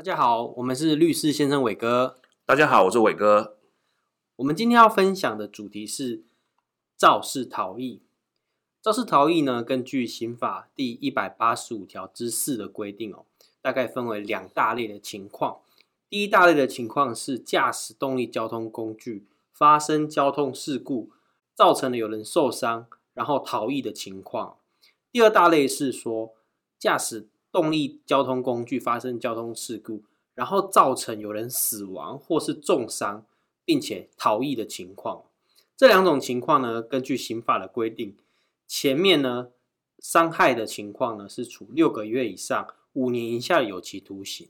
大家好，我們是律師先生瑋哥。大家好，我是瑋哥。我們今天要分享的主題是肇事逃逸。肇事逃逸呢，根據刑法第一百八十五條之四的規定哦，大概分為兩大類的情況。第一大類的情況是駕駛動力交通工具發生交通事故，造成了有人受傷，然後逃逸的情況。第二大類是說駕駛動力交通工具發生交通事故，然後造成有人死亡或是重傷，並且逃逸的情況。這兩種情況呢，根據刑法的規定，前面呢傷害的情況呢是處六個月以上五年以下有期徒刑，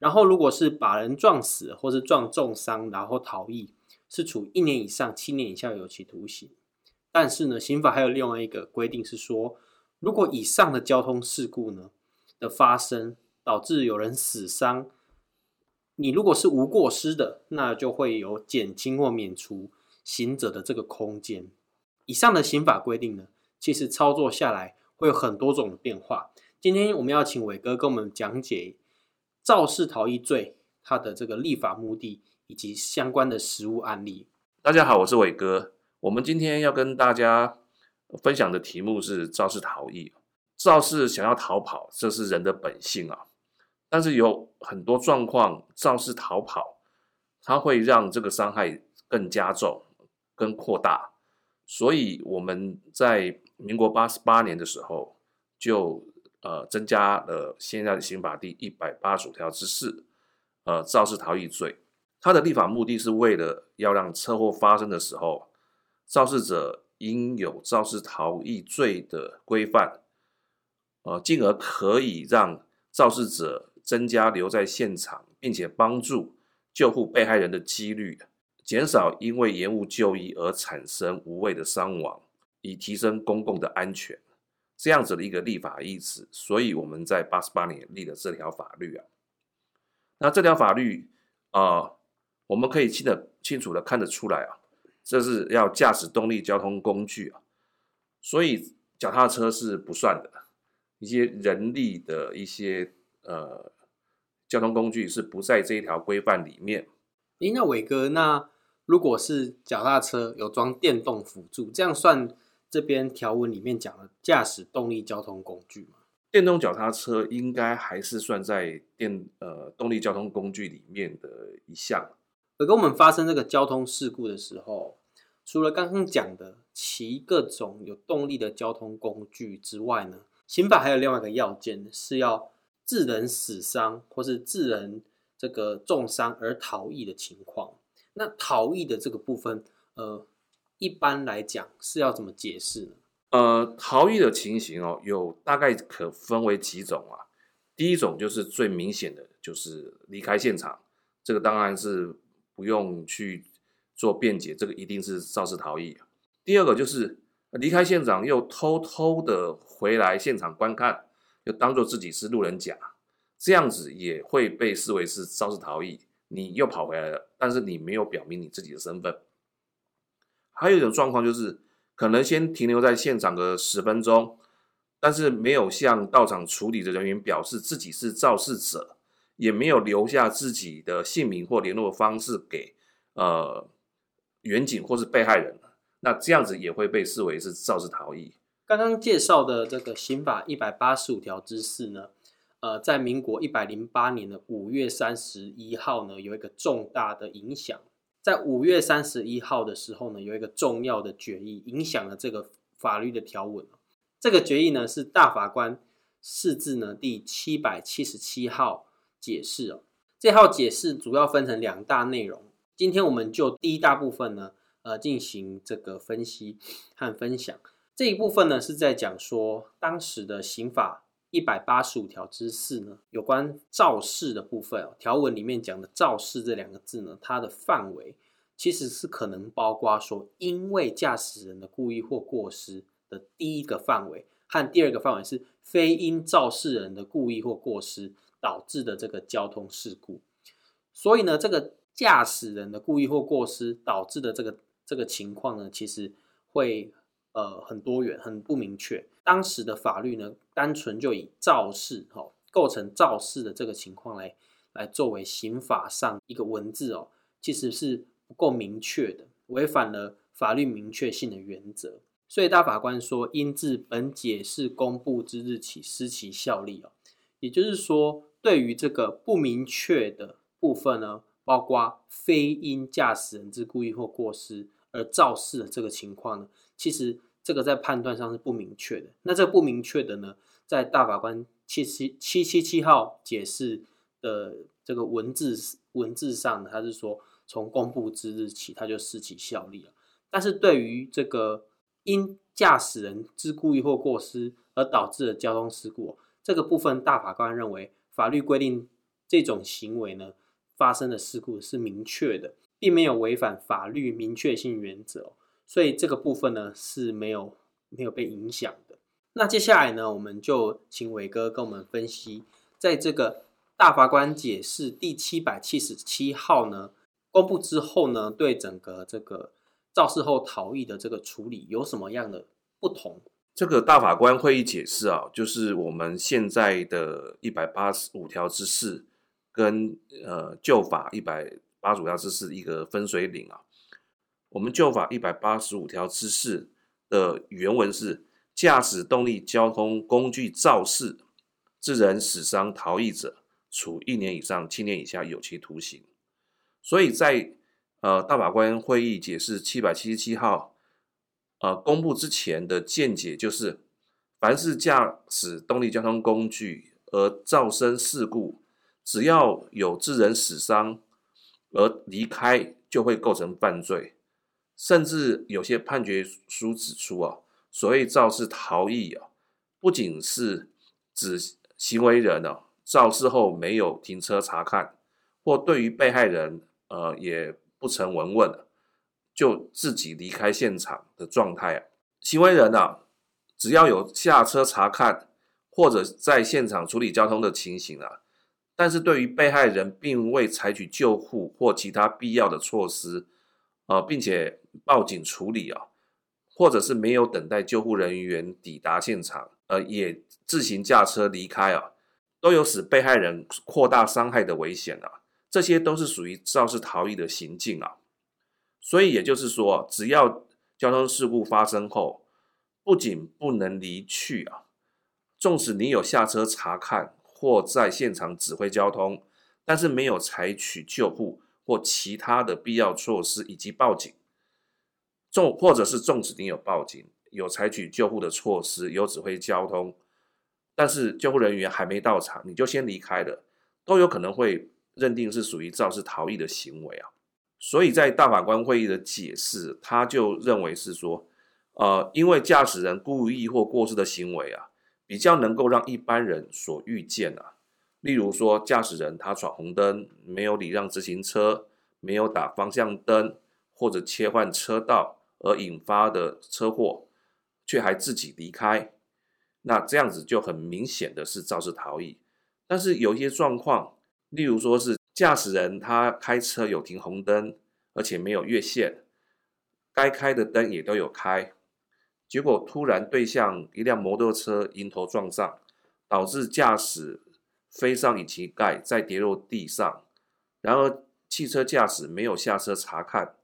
然後如果是把人撞死或是撞重傷然後逃逸，是處一年以上七年以下有期徒刑。但是呢，刑法還有另外一個規定是說，如果以上的交通事故呢，的發生導致有人死傷，你如果是無過失的，那就會有減輕或免除刑責的這個空間。以上的刑法規定呢，其實操作下來會有很多種變化。今天我們要請瑋哥跟我們講解肇事逃逸罪它的這個立法目的以及相關的實務案例。大家好，我是瑋哥。我們今天要跟大家分享的題目是肇事逃逸。肇事想要逃跑，這是人的本性啊，但是有很多狀況，肇事逃跑，它會讓這個傷害更加重、更擴大。所以我們在民國八十八年的時候，就呃增加了現在的刑法第一百八十五條之四，呃，肇事逃逸罪。它的立法目的是為了要讓車禍發生的時候，肇事者應有肇事逃逸罪的規範。呃，進而可以讓肇事者增加留在現場，並且幫助救護被害人的幾率，減少因為延誤就醫而產生無謂的傷亡，以提升公共的安全，這樣子的一個立法意旨，所以我們在八十八年立了這條法律啊，那這條法律啊、呃，我們可以清的清楚的看得出來啊，這是要駕駛動力交通工具啊，所以腳踏車是不算的。一些人力的一些呃交通工具，是不在這一條規範裡面。誒，那偉哥，那如果是腳踏車有裝電動輔助，這樣算這邊條文裡面講的駕駛動力交通工具嗎？電動腳踏車應該還是算在電呃動力交通工具裡面的一項。而跟我們發生這個交通事故的時候，除了剛剛講的騎各種有動力的交通工具之外呢，刑法還有另外一個要件，是要致人死傷或是致人這個重傷而逃逸的情況。那逃逸的這個部分，呃，一般來講是要怎麼解釋呢？呃，逃逸的情形哦，有大概可分為幾種啊。第一種就是最明顯的就是離開現場，這個當然是不用去做辯解，這個一定是肇事逃逸啊。第二個就是，離開現場又偷偷的回來現場觀看，又當做自己是路人甲，這樣子也會被視為是肇事逃逸。你又跑回來了，但是你沒有表明你自己的身份。還有一種狀況就是，可能先停留在現場個十分鐘，但是沒有向到場處理的人員表示自己是肇事者，也沒有留下自己的姓名或聯絡方式給呃，員警或是被害人。那這樣子也會被視為是肇事逃逸。剛剛介紹的這個刑法一百八十五條之四呢，呃，在民國一百零八年的五月三十一號呢，有一個重大的影響。在五月三十一號的時候呢，有一個重要的決議，影響了這個法律的條文。這個決議呢，是大法官釋字呢第七百七十七號解釋哦。這一號解釋主要分成兩大內容。今天我們就第一大部分呢。呃，進行這個分析和分享這一部分呢，是在講說當時的刑法一百八十五條之四呢，有關肇事的部分哦。條文裡面講的“肇事”這兩個字呢，它的範圍其實是可能包括說，因為駕駛人的故意或過失的第一個範圍和第二個範圍是非因肇事人的故意或過失導致的這個交通事故。所以呢，這個駕駛人的故意或過失導致的這個。這個情況呢，其實會呃很多元，很不明確。當時的法律呢，單純就以肇事哦，構成肇事的這個情況來來作為刑法上一個文字哦，其實是不夠明確的，違反了法律明確性的原則。所以大法官說，應自本解釋公布之日起，失其效力哦，也就是說，對於這個不明確的部分呢，包括非因駕駛人之故意或過失。而肇事的這個情況呢，其實這個在判斷上是不明確的。那這不明確的呢，在大法官七七七七七號解釋的這個文字文字上，他是說從公布之日起，他就失去效力了。但是對於這個因駕駛人之故意或過失而導致的交通事故，這個部分大法官認為法律規定這種行為呢，發生的事故是明確的。並沒有違反法律明確性原則，所以這個部分呢，是沒有沒有被影響的。那接下來呢，我們就請瑋哥跟我們分析，在這個大法官解釋第七百七十七號呢，公布之後呢，對整個這個肇事後逃逸的這個處理有什麼樣的不同？這個大法官會議解釋啊，就是我們現在的一百八十五條之四跟呃舊法一百。八主要只是一個分水嶺啊。我們舊法一百八十五條之四的原文是：駕駛動力交通工具肇事致人死傷逃逸者，處一年以上七年以下有期徒刑。所以在呃大法官會議解釋七百七十七號公布之前的見解就是，凡是駕駛動力交通工具而造成事故，只要有致人死傷。而離開就會構成犯罪，甚至有些判決書指出啊，所謂肇事逃逸啊，不僅是指行為人呢肇事後沒有停車查看，或對於被害人呃也不曾詢問，就自己離開現場的狀態啊，行為人呢、啊、只要有下車查看或者在現場處理交通的情形啊。但是對於被害人並未採取救護或其他必要的措施，呃，並且報警處理啊，或者是沒有等待救護人員抵達現場，呃，也自行駕車離開啊，都有使被害人擴大傷害的危險啊，這些都是屬於肇事逃逸的行徑啊。所以也就是說，只要交通事故發生後，不僅不能離去啊，縱使你有下車查看。或在現場指揮交通，但是沒有採取救護或其他的必要措施以及報警，重或者是重指定有報警、有採取救護的措施、有指揮交通，但是救護人員還沒到場，你就先離開了，都有可能會認定是屬於肇事逃逸的行為啊。所以在大法官會議的解釋，他就認為是說，呃，因為駕駛人故意或過失的行為啊。比較能夠讓一般人所預見的啊，例如說駕駛人他闖紅燈，沒有禮讓直行車，沒有打方向燈或者切換車道而引發的車禍，卻還自己離開，那這樣子就很明顯的是肇事逃逸。但是有一些狀況，例如說是駕駛人他開車有停紅燈，而且沒有越線，該開的燈也都有開。結果突然對向一輛摩托車迎頭撞上，導致駕駛飛上引擎蓋，再跌落地上。然而，汽車駕駛沒有下車查看，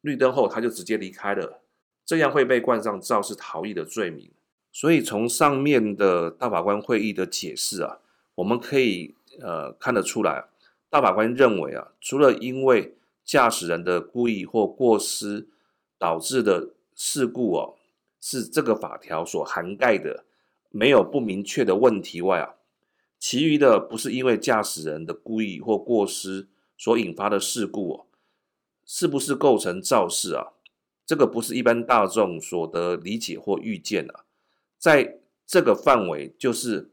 綠燈後，他就直接離開了。這樣會被冠上肇事逃逸的罪名。所以，從上面的大法官會議的解釋啊，我們可以呃看得出來啊，大法官認為啊，除了因為駕駛人的故意或過失導致的事故哦。是這個法條所涵蓋的，沒有不明確的問題外啊，其餘的不是因為駕駛人的故意或過失所引發的事故哦、啊，是不是構成肇事啊？這個不是一般大眾所得理解或預見的、啊，在這個範圍就是，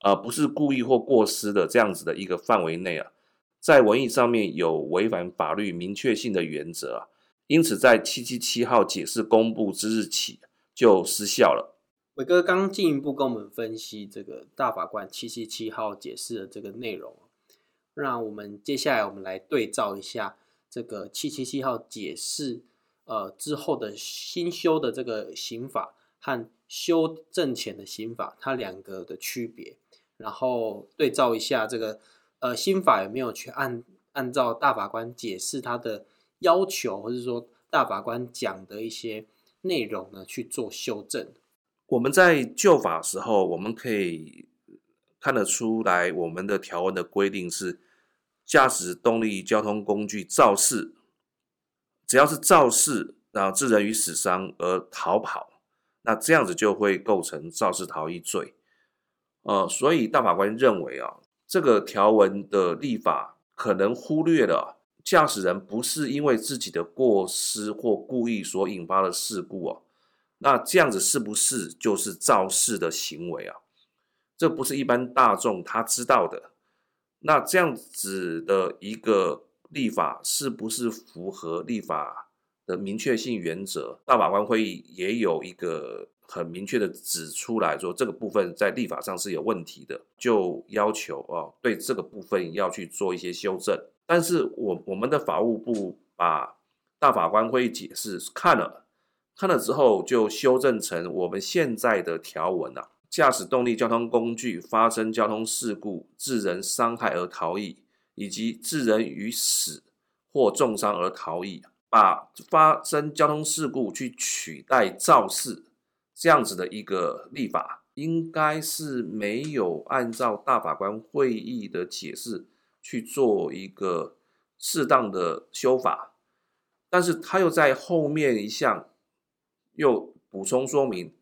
而、呃、不是故意或過失的這樣子的一個範圍內啊，在文義上面有違反法律明確性的原則啊，因此在七七七號解釋公布之日起，就失效了。瑋哥剛剛進一步跟我們分析這個大法官七七七號解釋的這個內容，那我們接下來我們來對照一下這個七七七號解釋呃之後的新修的這個刑法和修正前的刑法它兩個的區別，然後對照一下這個呃新法有沒有去按按照大法官解釋他的要求，或者是說大法官講的一些。內容呢去做修正。我們在舊法時候，我們可以看得出來，我們的條文的規定是駕駛動力交通工具肇事，只要是肇事然後致人於死傷而逃跑，那這樣子就會構成肇事逃逸罪。呃，所以大法官認為啊，這個條文的立法可能忽略了。駕駛人不是因為自己的過失或故意所引發的事故哦、啊，那這樣子是不是就是肇事的行為啊？這不是一般大眾他知道的。那這樣子的一個立法是不是符合立法的明確性原則？大法官會議也有一個很明確的指出來說，這個部分在立法上是有問題的，就要求哦、啊，對這個部分要去做一些修正。但是我我們的法務部把大法官會議解釋看了，看了之後就修正成我們現在的條文了啊，駕駛動力交通工具發生交通事故致人傷害而逃逸，以及致人於死或重傷而逃逸，把發生交通事故去取代肇事，這樣子的一個立法，應該是沒有按照大法官會議的解釋去做一個適當的修法，但是他又在後面一項又補充說明，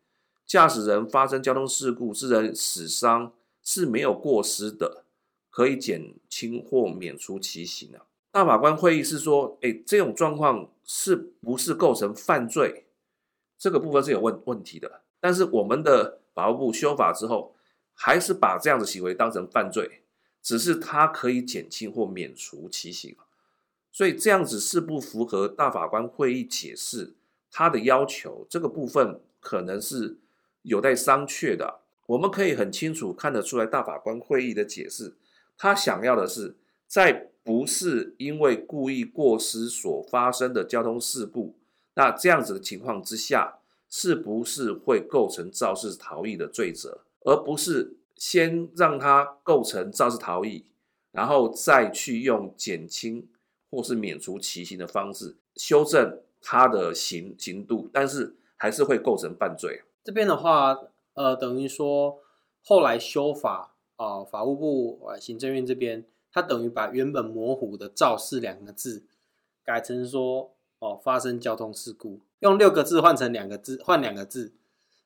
駕駛人發生交通事故致人死傷是沒有過失的，可以減輕或免除其刑的啊。大法官會議是說，哎，這種狀況是不是構成犯罪？這個部分是有問問題的。但是我們的法務部修法之後，還是把這樣的行為當成犯罪。只是他可以減輕或免除其刑，所以這樣子是不符合大法官會議解釋他的要求，這個部分可能是有待商榷的。我們可以很清楚看得出來，大法官會議的解釋，他想要的是在不是因為故意過失所發生的交通事故，那這樣子的情況之下，是不是會構成肇事逃逸的罪責，而不是。先讓他構成肇事逃逸，然後再去用減輕或是免除其刑的方式修正他的刑刑度，但是還是會構成犯罪。這邊的話，呃，等於說後來修法哦、呃，法務部、呃、行政院這邊，他等於把原本模糊的“肇事”兩個字改成說哦、呃，發生交通事故，用六個字換成兩個字換兩個字，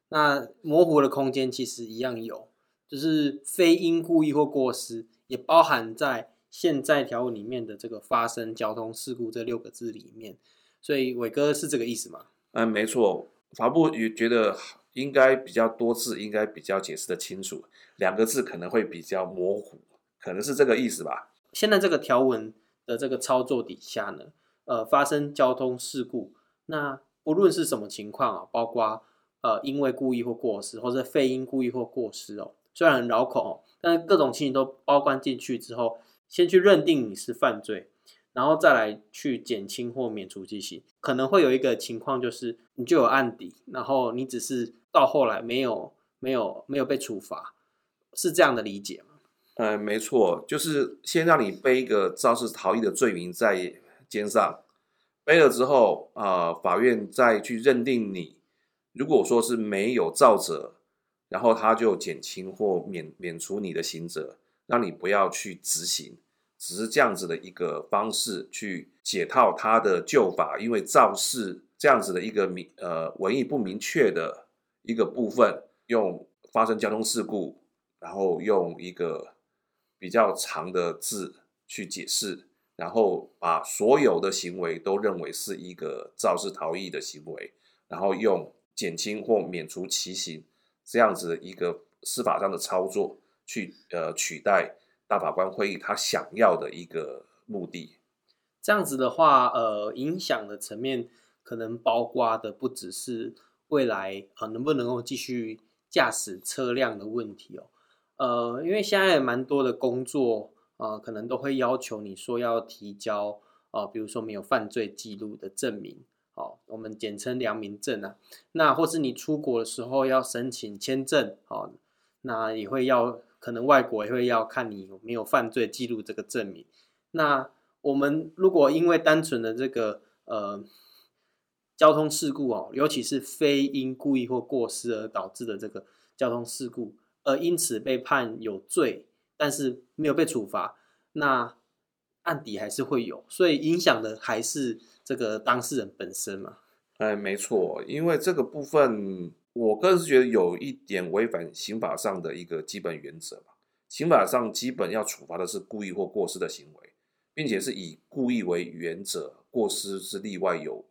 那模糊的空間其實一樣有。就是非因故意或過失，也包含在現在條文裡面的這個發生交通事故這六個字裡面。所以瑋哥是這個意思嗎？嗯，沒錯，法部也覺得應該比較多字，應該比較解釋得清楚，兩個字可能會比較模糊，可能是這個意思吧。現在這個條文的這個操作底下呢，呃，發生交通事故，那不論是什麼情況啊，包括呃因為故意或過失，或者非因故意或過失哦。雖然很繞口，但是各種情形都包括進去之後，先去認定你是犯罪，然後再來去減輕或免除其刑。可能會有一個情況就是，你就有案底，然後你只是到後來沒有、沒有、沒有被處罰，是這樣的理解嗎？嗯，沒錯，就是先讓你背一個肇事逃逸的罪名在肩上，背了之後啊、呃，法院再去認定你，如果說是沒有肇責，然後他就減輕或免免除你的刑責，讓你不要去執行，只是這樣子的一個方式去解套他的舊法，因為肇事這樣子的一個明呃文義不明確的一個部分，用發生交通事故，然後用一個比較長的字去解釋，然後把所有的行為都認為是一個肇事逃逸的行為，然後用減輕或免除其刑。這樣子一個司法上的操作，去呃取代大法官會議他想要的一個目的。這樣子的話，呃，影響的層面可能包括的不只是未來啊、呃、能不能夠繼續駕駛車輛的問題哦、喔，呃，因為現在也蠻多的工作啊、呃，可能都會要求你說要提交啊、呃，比如說沒有犯罪記錄的證明。好，我們簡稱良民證啊。那或是你出國的時候要申請簽證好，那也會要，可能外國也會要看你有沒有犯罪記錄這個證明。那我們如果因為單純的這個呃交通事故哦，啊，尤其是非因故意或過失而導致的這個交通事故，而因此被判有罪，但是沒有被處罰，那案底還是會有，所以影響的還是。這個當事人本身嘛，哎，沒錯，因為這個部分，我個人是覺得有一點違反刑法上的一個基本原則嘛。刑法上基本要處罰的是故意或過失的行為，並且是以故意為原則，過失是例外有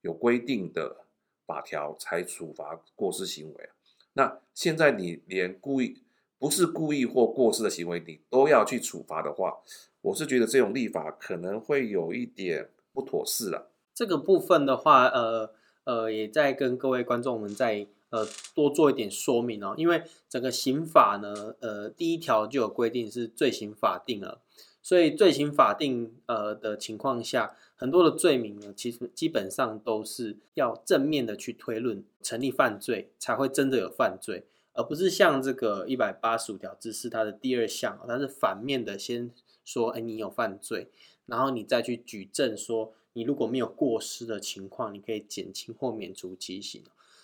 有規定的法條才處罰過失行為啊。那現在你連故意不是故意或過失的行為，你都要去處罰的話，我是覺得這種立法可能會有一點。不妥適了、啊。這個部分的話，呃呃，也在跟各位觀眾們再呃多做一點說明哦。因為整個刑法呢，呃，第一條就有規定是罪刑法定了，所以罪刑法定呃的情況下，很多的罪名呢，其實基本上都是要正面的去推論成立犯罪，才會真的有犯罪，而不是像這個一百八十五條之四它的第二項，它是反面的，先說誒你有犯罪。然後你再去舉證說，你如果沒有過失的情況，你可以減輕或免除其刑。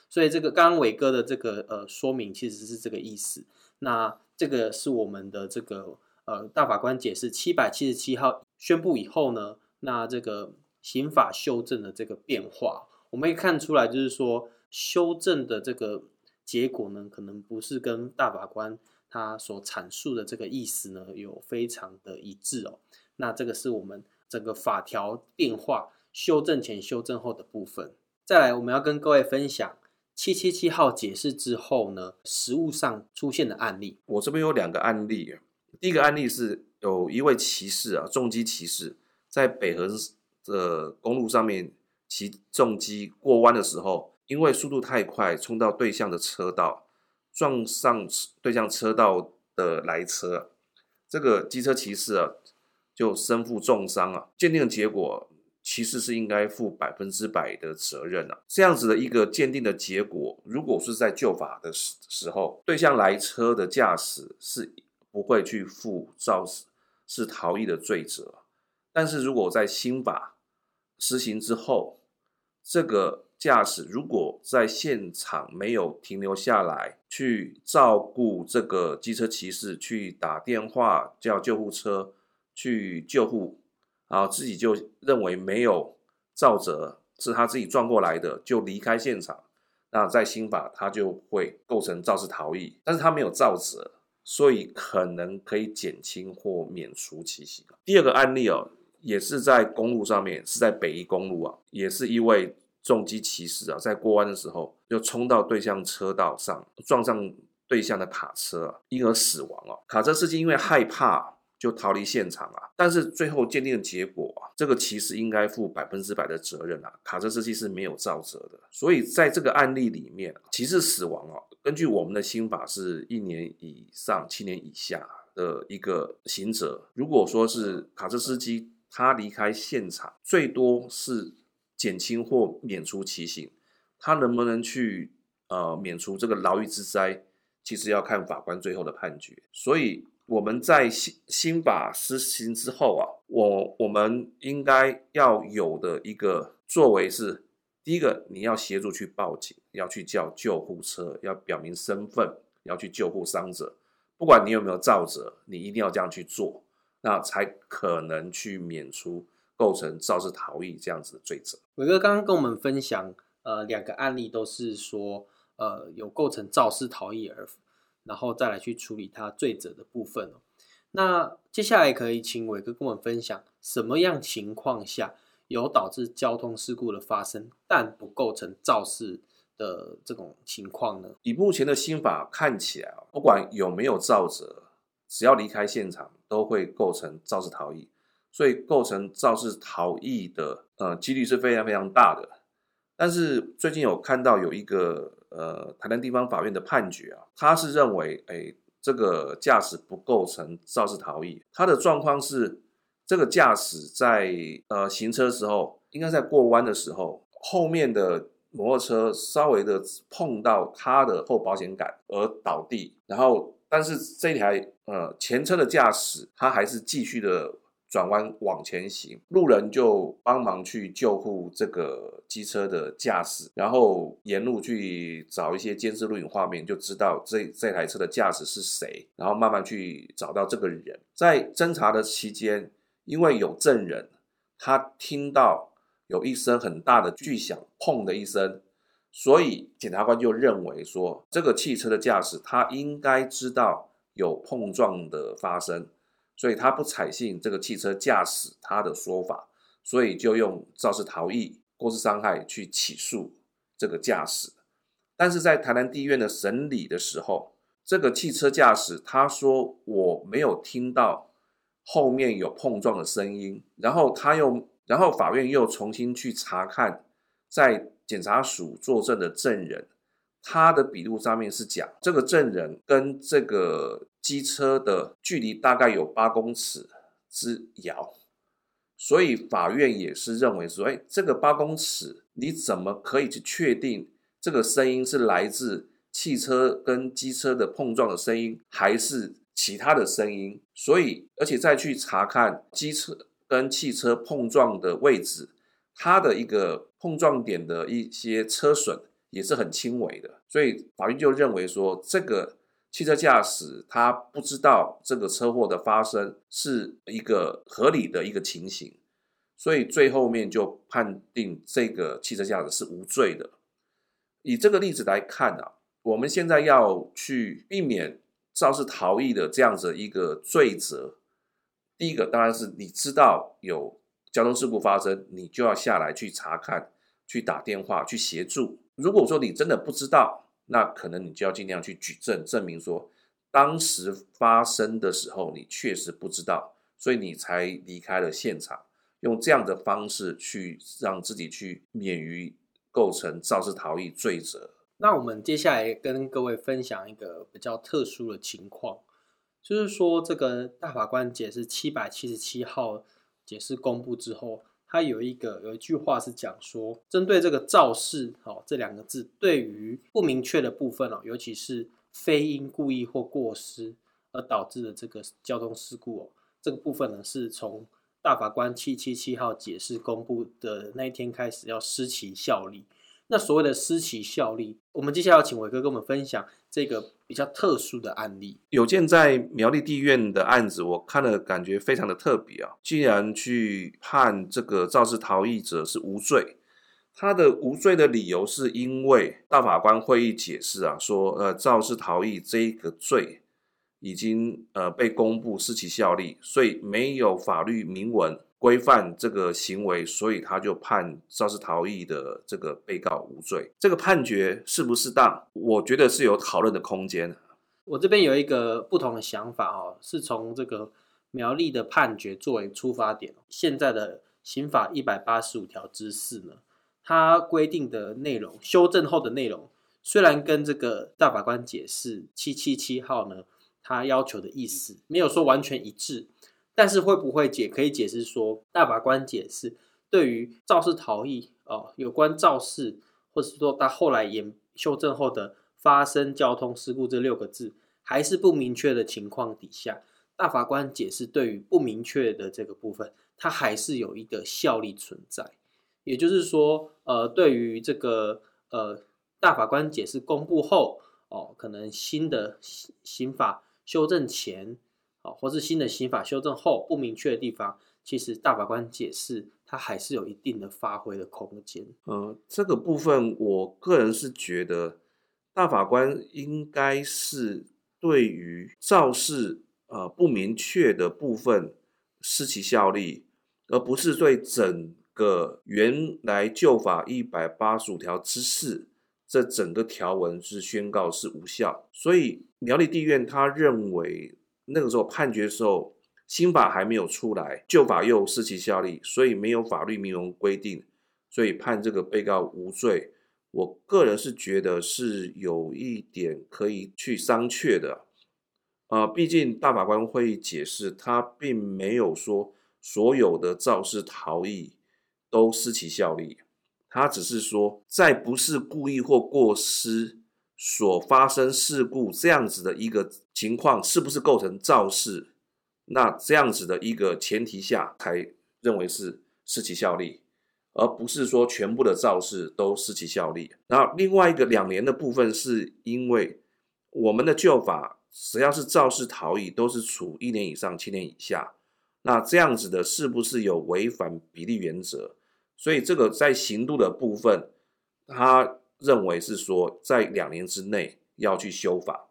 所以這個剛剛瑋哥的這個呃說明，其實是這個意思。那這個是我們的這個呃大法官解釋七百七十七號宣布以後呢，那這個刑法修正的這個變化，我們可以看出來，就是說修正的這個結果呢，可能不是跟大法官他所闡述的這個意思呢，有非常的一致哦。那這個是我們整個法條變化修正前，修正後的部分。再來，我們要跟各位分享七七七號解釋之後呢，實務上出現的案例。我這邊有兩個案例，第一個案例是有一位騎士啊，重機騎士，在北橫的公路上面騎重機過彎的時候，因為速度太快，衝到對向的車道，撞上對向車道的來車。這個機車騎士啊。就身負重傷啊！鑑定的結果其實是應該負百分之百的責任啊。這樣子的一個鑑定的結果，如果是在舊法的時時候，對向來車的駕駛是不會去負肇事後逃逸的罪責。但是如果在新法實行之後，這個駕駛如果在現場沒有停留下來去照顧這個機車騎士，去打電話叫救護車。去救護，然後自己就認為沒有肇責，是他自己撞過來的，就離開現場。那在新法，他就會構成肇事逃逸，但是他沒有肇責，所以可能可以減輕或免除其刑。第二個案例哦，也是在公路上面，是在北宜公路啊，也是一位重機騎士啊，在過彎的時候就衝到對向車道上，撞上對向的卡車，啊，因而死亡哦、啊。卡車司機因為害怕。就逃離現場啊！但是最後鑑定的結果啊，這個騎士應該負百分之百的責任啊，卡車司機是沒有肇責的。所以在這個案例裡面，騎士死亡啊，根據我們的新法是一年以上七年以下的一個刑責。如果說是卡車司機他離開現場，最多是減輕或免除其刑，他能不能去呃免除這個牢獄之災，其實要看法官最後的判決。所以。我們在新新法施行之後啊，我我們應該要有的一個作為是，第一個你要協助去報警，要去叫救護車，要表明身份，要去救護傷者，不管你有沒有肇責，你一定要這樣去做，那才可能去免除構成肇事逃逸這樣子的罪責。偉哥剛剛跟我們分享，呃，兩個案例都是說，呃，有構成肇事逃逸而。然後再來去處理他罪責的部分哦。那接下來可以請瑋哥跟我們分享，什麼樣情況下有導致交通事故的發生，但不構成肇事的這種情況呢？以目前的新法看起來哦，不管有沒有肇事，只要離開現場都會構成肇事逃逸，所以構成肇事逃逸的呃幾率是非常非常大的。但是最近有看到有一個。呃，台南地方法院的判決啊，他是認為，哎、欸，這個駕駛不構成肇事逃逸。他的狀況是，這個駕駛在呃行車時候，應該在過彎的時候，後面的摩托車稍微的碰到他的後保險桿而倒地，然後，但是這台呃前車的駕駛，他還是繼續的。轉彎往前行，路人就幫忙去救護這個機車的駕駛，然後沿路去找一些監視錄影畫面，就知道這這台車的駕駛是誰，然後慢慢去找到這個人。在偵查的期間，因為有證人，他聽到有一聲很大的巨響，砰的一聲，所以檢察官就認為說，這個汽車的駕駛他應該知道有碰撞的發生。所以他不採信這個汽車駕駛他的說法，所以就用肇事逃逸、過失傷害去起訴這個駕駛。但是在台南地院的審理的時候，這個汽車駕駛他說，我沒有聽到後面有碰撞的聲音，然後他又，然後法院又重新去查看在檢察署作證的證人，他的筆錄上面是講這個證人跟這個。機車的距離大概有八公尺之遙，所以法院也是認為說，哎，這個八公尺，你怎麼可以去確定這個聲音是來自汽車跟機車的碰撞的聲音，還是其他的聲音？所以，而且再去查看機車跟汽車碰撞的位置，它的一個碰撞點的一些車損也是很輕微的，所以法院就認為說這個。汽車駕駛他不知道這個車禍的發生是一個合理的一個情形，所以最後面就判定這個汽車駕駛是無罪的。以這個例子來看啊，我們現在要去避免肇事逃逸的這樣子一個罪責。第一個當然是你知道有交通事故發生，你就要下來去查看、去打電話、去協助。如果說你真的不知道，那可能你就要盡量去舉證證明說，當時發生的時候你確實不知道，所以你才離開了現場，用這樣的方式去讓自己去免於構成肇事逃逸罪責。那我們接下來跟各位分享一個比較特殊的情況，就是說這個大法官解釋七百七十七號解釋公布之後。它有一個有一句話是講說，針對這個肇事哦這兩個字，對於不明確的部分哦，尤其是非因故意或過失而導致的這個交通事故哦，這個部分呢是從大法官七七七號解釋公布的那一天開始要失其效力。那所謂的失其效力，我們接下來要請瑋哥跟我們分享這個。比較特殊的案例，有件在苗栗地院的案子，我看了感覺非常的特別啊。竟然去判這個肇事逃逸者是無罪，他的無罪的理由是因為大法官會議解釋啊，說呃肇事逃逸這個罪已經呃被公布失其效力，所以沒有法律明文。規範這個行為，所以他就判肇事逃逸的這個被告無罪。這個判決是不適當，我覺得是有討論的空間。我這邊有一個不同的想法，哦，是從這個苗栗的判決作為出發點。現在的刑法一百八十五條之四呢，它規定的內容修正後的內容，雖然跟這個大法官解釋七七七號呢，他要求的意思沒有說完全一致。但是會不會解可以解釋說，大法官解釋對於肇事逃逸哦，有關肇事或是說他後來也修正後的發生交通事故這六個字還是不明確的情況底下，大法官解釋對於不明確的這個部分，它還是有一個效力存在。也就是說，呃，對於這個呃大法官解釋公布後哦，可能新的刑刑法修正前。或是新的刑法修正後不明確的地方，其實大法官解釋它還是有一定的發揮的空間。呃，這個部分我個人是覺得，大法官應該是對於肇事呃不明確的部分失其效力，而不是對整個原來舊法一百八十五條之四這整個條文是宣告是無效。所以苗栗地院他認為。那個時候判決的時候，新法還沒有出來，舊法又失其效力，所以沒有法律明文規定，所以判這個被告無罪。我個人是覺得是有一點可以去商榷的，呃，畢竟大法官會議解釋，他並沒有說所有的肇事逃逸都失其效力，他只是說在不是故意或過失。所發生事故這樣子的一個情況，是不是構成肇事？那這樣子的一個前提下，才認為是失其效力，而不是說全部的肇事都失其效力。然後另外一個兩年的部分，是因為我們的舊法，只要是肇事逃逸，都是處一年以上七年以下。那這樣子的，是不是有違反比例原則？所以這個在刑度的部分，它。認為是說，在兩年之內要去修法，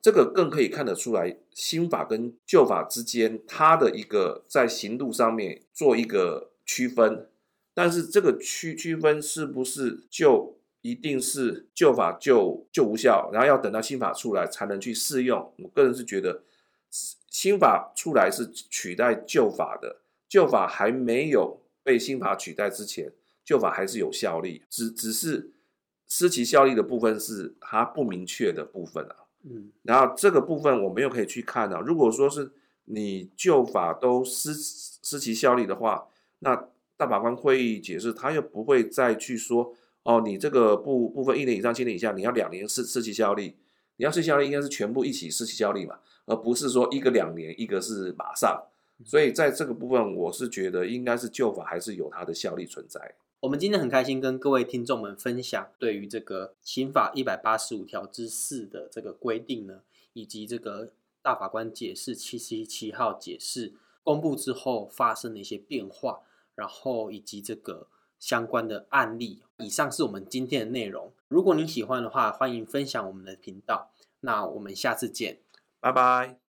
這個更可以看得出來新法跟舊法之間它的一個在刑度上面做一個區分，但是這個區區分是不是就一定是舊法就就無效，然後要等到新法出來才能去適用？我個人是覺得新法出來是取代舊法的，舊法還沒有被新法取代之前，舊法還是有效力，只只是。失其效力的部分是它不明確的部分啊，嗯，然後這個部分我沒有可以去看呢、啊。如果說是你舊法都失失其效力的話，那大法官會議解釋他又不會再去說哦，你這個部部分一年以上、七年以下，你要兩年失失其效力，你要失其效力應該是全部一起失其效力嘛，而不是說一個兩年，一個是馬上。所以在這個部分，我是覺得應該是舊法還是有它的效力存在。我們今天很開心跟各位聽眾們分享對於這個刑法一百八十五條之四的這個規定呢，以及這個大法官解釋七七七號解釋公布之後發生的一些變化，然後以及這個相關的案例。以上是我們今天的內容。如果您喜歡的話，歡迎分享我們的頻道。那我們下次見，拜拜。